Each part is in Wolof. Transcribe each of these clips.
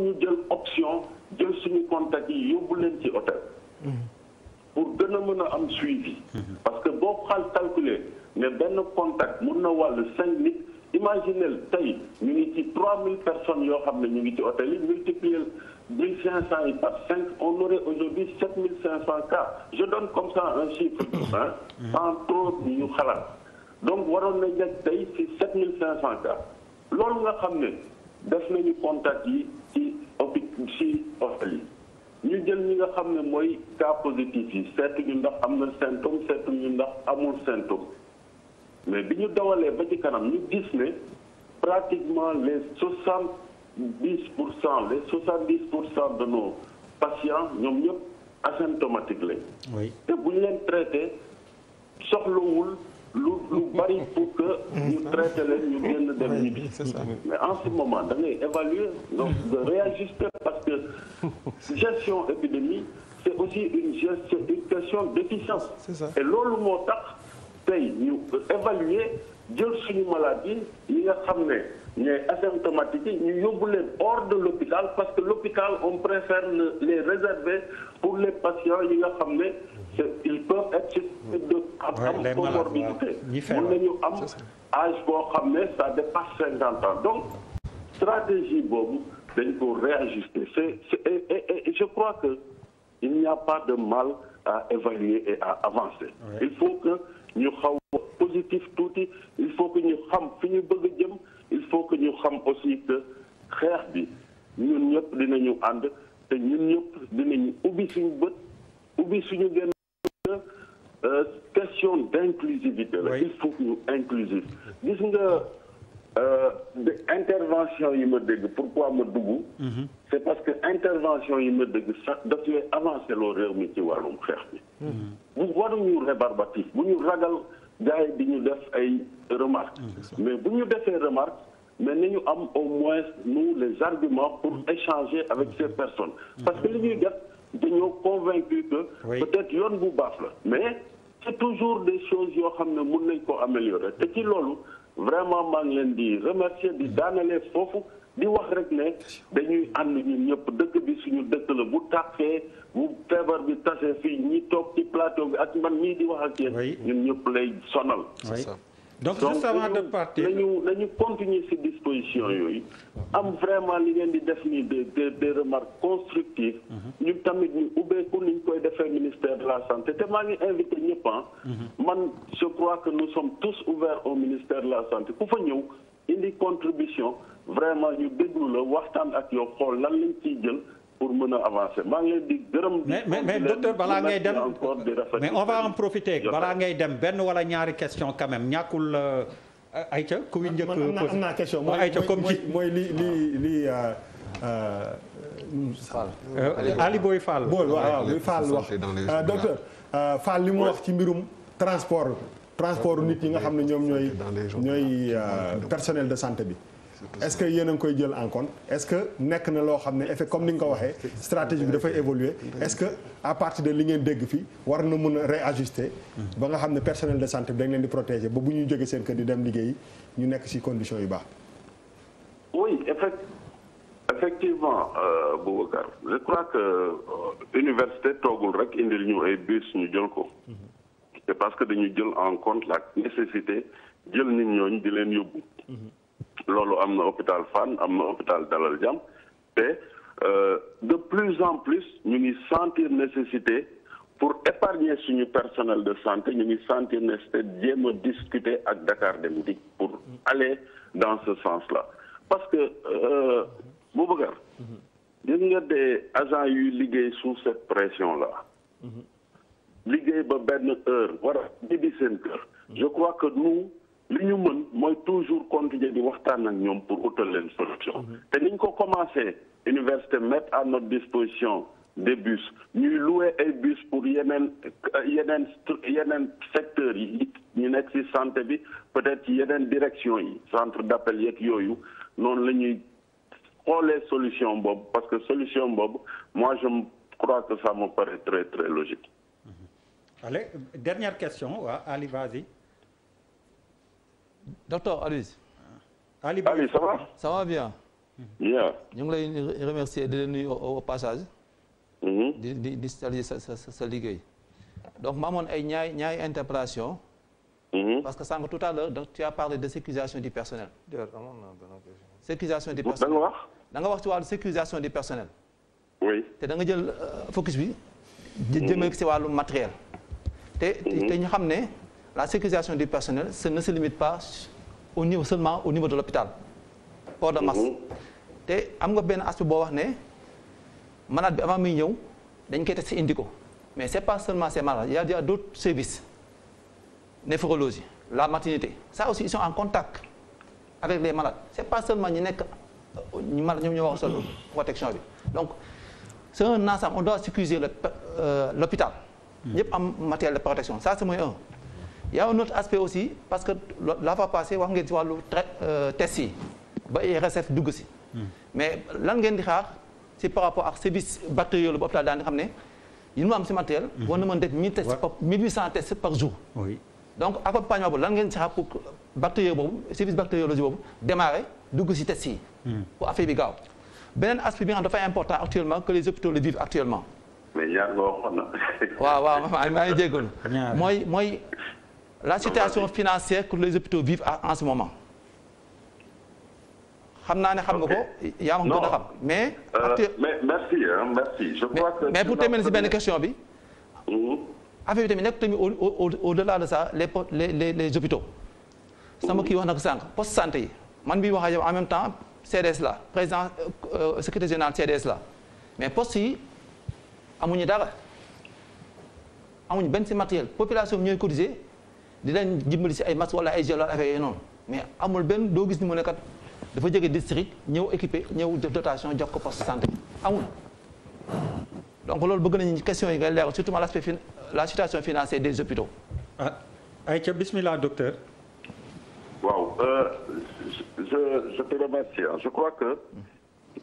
ñu jël option jël suñu contact yi yóbbu leen ci hôtel. pour gën a mën a am suivi. parce que boo xal calculer ne benn contact mun na wàll cinq nit imaginel tey ñu ngi ci trois mille personnes yoo xam ne ñu ngi ci hôtel yi multiplier mille cinq cent yi par cinq on aurait aujourd'hui sept mille cinq cent cas je donne comme ça un chiffre hein sans trop ñu xalaat donc waroon na njëkk tey ci sept mille cinq cent cas loolu nga xam ne def nañu contact yi ci hôtel yi ñu jël ñi nga xam ne mooy cas positif yi seetu ñu ndax am na symptôme seetu ñu ndax amul symptôme mais bi ñu dawalee ba ci kanam ñu gis ne pratiquement les soixante dix pour cent les soixante dix pour cent de nos patients ñoom ñëpp asymptomatique lañ. oui te bu ñu leen traité soxlawul lu lu bari pour que ñu traité leen ñu génn dem ñibbi mais en ce moment da évaluer donc de réajuster que gestion épidémie c'est aussi une gestion une question d'efficience et loolu moo tax tey ñu évaluer jël suñu maladie yi nga xam ne ñooy asymptomatiques yi ñu leen hors de l'hôpital parce que l'hôpital on préfère les réserver pour les patients yi nga xam ne ils peuvent être susceptibles de am comorbidité mën nañu am âge boo xam ne ça dépasse cinquante stratégie boobu dañ ko réajuster c'est et je crois que il n'y a pas de mal à évaluer et à avancer il faut que ñu xaw positif tuuti il faut que ñu xam fi ñu bëgg a jëm il faut que ñu xam aussi que xeex bi ñun ñëpp dinañu ànd te ñun ñëpp dinañu ubbi suñu bët ubbi suñu genn euh, question d'inclusivité la il faut que ñu inclusif gis Euh, de intervention yi ma dégg pourquoi ma dugg. Mhm. c' est parce que intervention yi ma dégg sax dafay avancé loo réew mi ci wàllum xeex bi. bu mhm. waruñu rébarbatif bu ñu ragal gars yi ñu def ay remarques. Mm, mais bu ñu defee remarque mais ñu am au moins nous les arguments pour mm. échanger avec ces personnes. Mm. parce que li ñuy def dañoo convaincu que. peut-être yoon bu baax la mais. c'est toujours des choses yoo xam ne mun nañ koo améliorer te ci loolu vraiment maa leen di remercier bi daanale foofu di wax rek ne dañuy ànd ñun ñëpp dëkk bi suñu dëkk la bu tàkkee bu feebar bi tase fii ñi toog ci plateau bi ak man mii di wax ak yéen ñun ñëpp lay sonal donc juste avant de partir nañu nañu continuer ci disposition yooyu mm-hmm. am vraiment li ngeen di def nii des des des mm-hmm. ñu tamit ñu ubbeeku ni ñu koy defee ministère de la santé te maa ngi invité ñëpp ah. mm-hmm. man je crois que nous sommes tous ouverts au ministère de la santé ku fa ñëw indi contribution vraiment ñu déglu la waxtaan ak yow xool lan lañ ci jël. pour mën a maa ngi mais mais docteur balaa ngay dem mais on va en profiter balaa ngay dem benn wala ñaari question quand même ñàkkul euh, Aïcha ku wi njëkk posé mooy li li li. Euh, euh, Ali Boy Fall Boy waaw li Fall wax docteur Fall li mu wax ci mbirum transport transport nit ñi nga xam ne ñoom ñooy ñooy personnel de santé bi est-ce que yéen a ngi koy jël en compte est-ce que nekk na loo xam ne efe comme ni nga ko waxee stratégie bi dafay évoluer est-ce que à partir de li ngeen dégg fii war na mën a réajuster ba nga xam ne personnel de santé bi dañ leen di protéger ba bu ñuy jógee seen kër di dem liggéeyi ñu nekk ci condition yu baax effet effectivement euh, Boubacar je crois que euh, université toogul rek indil ñu ay bus ñu jël ko mhm. c'est parce que dañu jël en compte la nécessité jël nit ñooñu di leen yóbbu mhm. loolu am na hôpital Fann am na hôpital Dalal Jàmm te euh, de plus en plus ñu ngi sentir nécessité pour épargner suñu personnel de santé ñu ngi sentir nécessité jéem a discuter ak Dakar de Dikk pour aller dans ce sens-là parce que euh, Boubacar gis nga des agents yuy liggéey sous cette pression-là mhm. liggéey ba benn heure war a ñibbi seen mhm. je crois que nous li ñu mën mooy toujours continuer di waxtaan ak ñoom pour utal leen solution mhm. te ñu ko commencé université mettre à notre disposition des bus ñuy louer ay bus pour yeneen yeneen yeneen secteurs yi ñu nekk ci santé bi peut-être ci yeneen direction yi centre d'appel yeeg yooyu noonu la ñuy xoolee solution boobu parce que solution boobu moi je crois que ça me paraît très très logique. Mhm. Allez, dernière question, Ali, docteur Aloyse. Ali Ali ça bien. bien. ñu ngi lay remercier di leen nuyu au passage. Mm-hmm. di di di saluer sa sa sa liggéey. donc ma amoon ay ñaay ñaay interpellation. Mm-hmm. parce que sànq tout à l'heure donc tu as parlé de sécurisation du personnel. sécurisation da nga wax. si nga wax wàllu sécurisation du personnel. te danga jël euh, focus bi. jëmee si wàllu matériel. te mm-hmm. te ñu xam ne. la sécurisation du personnel ce ne se limite pas au niveau seulement au niveau de l'hôpital de masque mm-hmm. te am nga benn aspect boo wax ne malade bi avant muy ñëw dañ koy testé indi ko mais c'est pas seulement ces malades il y a, il d'autres services néphrologie la maternité ça aussi ils sont en contact avec les malades c'est pas seulement ñi nekk ñu malade ñoom ñoo wax sol protection bi donc c'est un ensemble on doit sécuriser euh, l'hôpital mm. ñëpp am matériel de protection ça c'est mooy y a un autre aspect aussi parce que la fois passée wax ngeen ci wàllu euh, test yi ba IRSF dugg si. Hmm. mais lan ngeen di xaar si par rapport ak service bactériologie bu hôpital daan di xam ne yi mu am si matériel. Hmm. war na mën def 1000 tests par 1800 tests par jour. oui donc accompagnement boobu lan ngeen si xaar pour bactériologie boobu service bactériologie boobu démarrer dugg si test yi. Hmm. pour affaire bi gaaw beneen aspect bi nga xam dafay important actuellement que les hôpitaux le vivent actuellement. mais yaa ngi ko waxoon waaw mooy mooy. la situation financière que les hôpitaux vivent en ce moment xam naa ne xam nga ko. yaa ma gën mais. Euh, mais merci merci je pour terminer si benn question bi. Mm-hmm. affaire bi tamit nekk tamit au au au delà de ça les les les les hôpitaux. sama kii wax na ko sànq poste santé yi man bi wax ak yow en même temps CDS la président euh, euh, secrétaire général CDS la mais post yi amuñu dara amuñu benn si matériel population bi ñooy cotiser. dinañ dimbali si ay match wala ay gel affaire noonu mais amul benn doo gis ni mu ne dafa jóge district ñëw équipe ñëw def dotation jox ko poste santé amul donc loolu bëgg nañu question yi nga leeral surtout l' aspect la situation financière des hôpitaux. ah ayca bismillah docteur. waaw euh, je je te remercie je crois que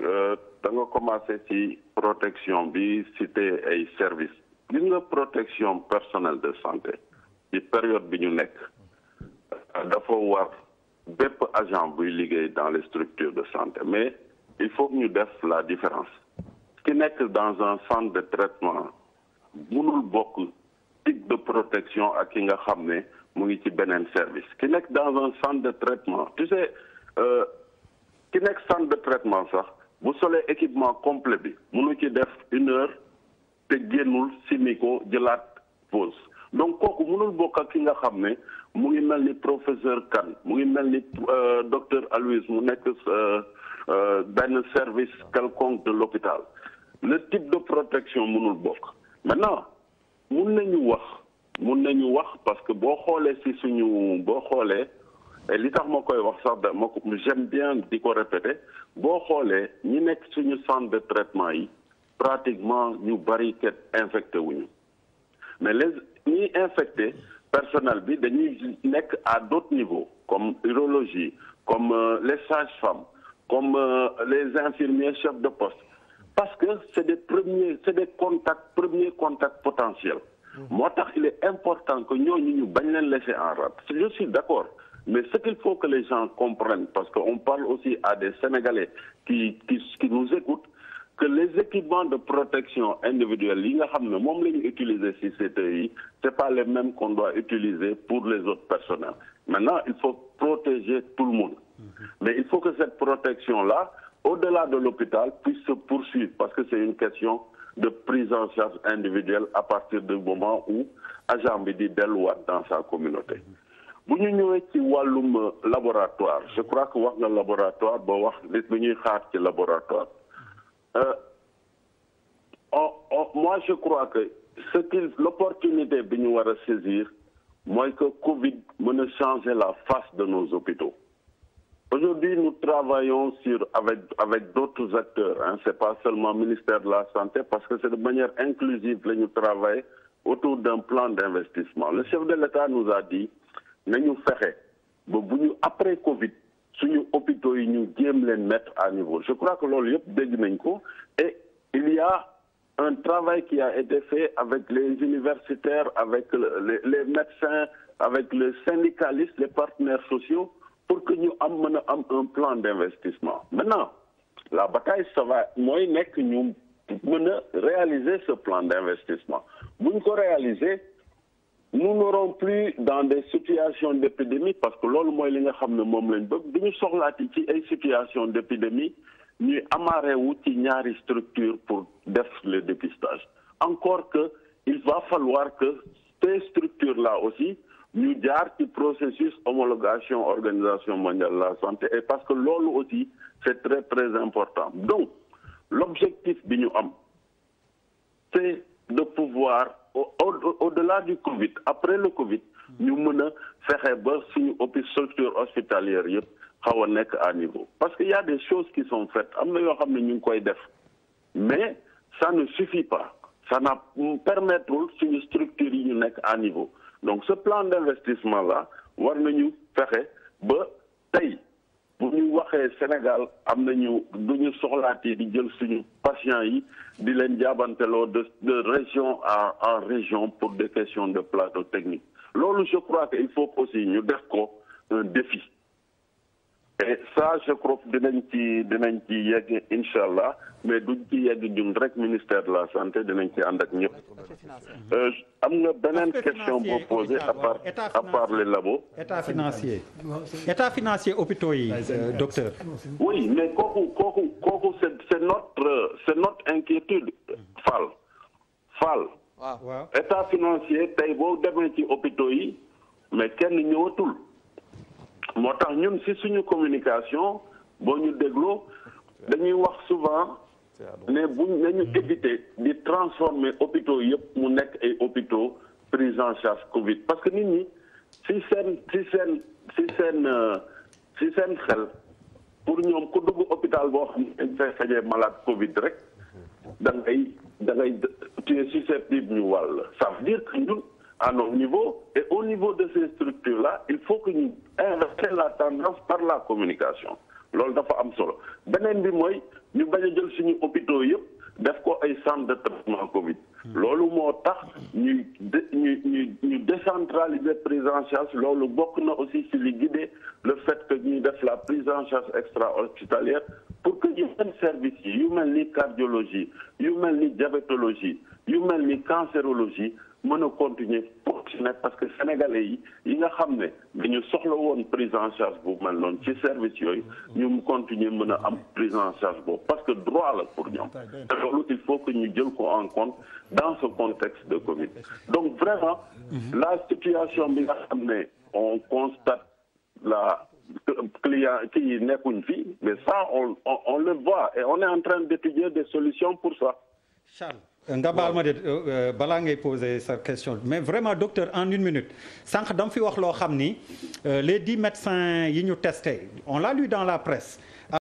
euh, da nga commencé ci protection bi cité ay services. gis nga protection personnelle de santé. ci période bi ñu nekk dafa war bépp agent buy liggéey dans les structures de santé mais il faut ñu def la différence ki nekk dans un centre de traitement mënul bokk type de protection ak ki nga xam ne mu ngi ci beneen service ki nekk dans un centre de traitement tu sais euh, ki nekk centre de traitement sax bu solee équipement complet bi mënu ci def une heure te génnul simiko jëlaat pause mënul bokk ak ki nga xam ne mu ngi mel ni professeur kan mu ngi mel ni euh, docteur Aloyse mu nekk euh, euh, benn service quelconque de l'hôpital le type de protection mënul bokk maintenant mun nañu wax mun nañu wax parce que boo xoolee ci suñu boo xoolee li tax ma koy wax sax da ma ko j'aime bien di ko répéter boo xoolee ñi nekk suñu centre de traitement yi pratiquement ñu bari ket infecté wuñu mais ñiy infecté personnel bi dañuy nekk à d'autres niveaux comme urologie comme euh, les sages-femmes comme euh, les infirmiers chefs de poste parce que c'est des premiers c'est des contacts premiers contacts potentiels mmh. moo tax il est important que ñooñu ñu bañ leen laisser en rade je suis d'accord mais ce qu'il faut que les gens comprennent parce que parle aussi à des Sénégalais qui nous écoutent que les équipements de protection individuelle yi nga xam ne moom la ñu utiliser ci CTE yi c'est pas les mêmes qu'on doit utiliser pour les autres personnels maintenant il faut protéger tout le monde mm-hmm. mais il faut que cette protection là au-delà de l'hôpital puisse se poursuivre parce que c'est une question de prise en charge individuelle à partir du moment où agent bi di delluwaat dans sa communauté mm-hmm. bu ñu ñëwee ci wàllum laboratoire je crois que wax nga laboratoire ba wax nit lu ñuy xaar ci laboratoire euh, on, oh, on, oh, moi je crois que ce qu'il l'opportunité bi ñu war a saisir mooy que Covid mën a changer la face de nos hôpitaux aujourd'hui nous travaillons sur avec avec d'autres acteurs hein c'est pas seulement ministère de la santé parce que c'est de manière inclusive la ñu travaille autour d'un plan d'investissement le chef de l'État nous a dit nañu fexe ba bu ñu après Covid suñu hôpitaux yi ñu jéem leen mettre à niveau je crois que loolu yëpp dégg nañ ko et il y a un travail qui a été fait avec les universitaires avec les les médecins avec les syndicalistes les partenaires sociaux pour que ñu am mën a am un plan d'investissement maintenant la bataille ça va mooy nekk ñu mën a réaliser ce plan d'investissement buñ ko réaliser nous n'aurons plus dans des situations d'épidémie parce que loolu mooy li nga xam ne moom lañ bëgg du ñu soxlaati ci ay situation d'épidémie ñuy amarré wu ci ñaari structure pour def le dépistage encore que il va falloir que ces structures là aussi ñu jaar ci processus homologation organisation mondiale de la santé et parce que loolu aussi c'est très très important donc l'objectif bi ñu am c'est de pouvoir au de là du Covid après le Covid. ñu mën a fexe ba suñu opi structure hospitalière yëpp xaw nekk à niveau parce que ya a des choses qui sont faites am na yoo xam ne ñu ngi koy def mais ça ne suffit pas ça n'a permettrul suñu structure yi ñu nekk à niveau donc ce plan d'investissement là war nañu fexe ba tey. bu ñu waxee Sénégal am nañu du ñu soxlaatee di jël suñu patients yi di leen jaabanteloo de de région à en région pour des questions de plateau technique loolu je crois que faut aussi ñu def ko un défi ça je crois dinañ ci dinañ ci yegg incha allah mais duñ ci yegg ñun rek ministère de la santé dinañ ci ànd ak ñëpp. Euh, am nga beneen question boo posé à part à part les état financier état financier hôpitaux yi euh, docteur. oui mais kooku kooku kooku c'est c'est notre c'est notre inquiétude. Fall Fall. état financier tey boo demee ci hôpitaux yi mais kenn ñëwatul. moo tax ñun si suñu communication boo ñu dégloo dañuy wax souvent ne buñ nañu éviter di transformer hôpitaux yëpp mu nekk ay hôpitaux prise en charge Covid parce que nit ñi ci seen ci seen ci seen ci euh, seen xel pour ñoom ku dugg hôpital boo xam ne dañ fay fajee malade Covid rek da dangay da ngay ñu wàll ça veut dire ñun à nos niveaux. Et au niveau de ces structures la il faut que ñu inverser la tendance par la communication loolu dafa am solo beneen bi mooy ñu bañ a jël suñu hôpitaux yëpp def ko ay centre de traitement Covid. loolu moo tax ñu ñu ñu ñu décentraliser prise en charge loolu bokk na aussi si li guidé le fait que ñuy def la prise en charge extra hospitalière pou que yeneen services yi yu mel ni cardiologie yu mel ni diabétologie yu mel ni cancérologie mën a continuer continuer parce que sénégalais yi yi nga xam ne dañu soxla woon prise en charge bu mel noonu ci service yooyu ñu mu mën a am prise en charge boobu parce que droit la pour ñoom te loolu il faut que ñu jël ko en contre dans ce contexte de Covid donc vraiment mhm. la situation bi nga xam ne on constate la client qui nekkuñ fi mais ça on on le voit e on est en train d'étudier des solutions pour ça Charles nga baal ma de euh, euh, balaa ngay poser sa question mais vraiment docteur en une minute sànq dama fi wax loo xam ni euh, les dix médecins yi ñu testé on l'a lu dans la presse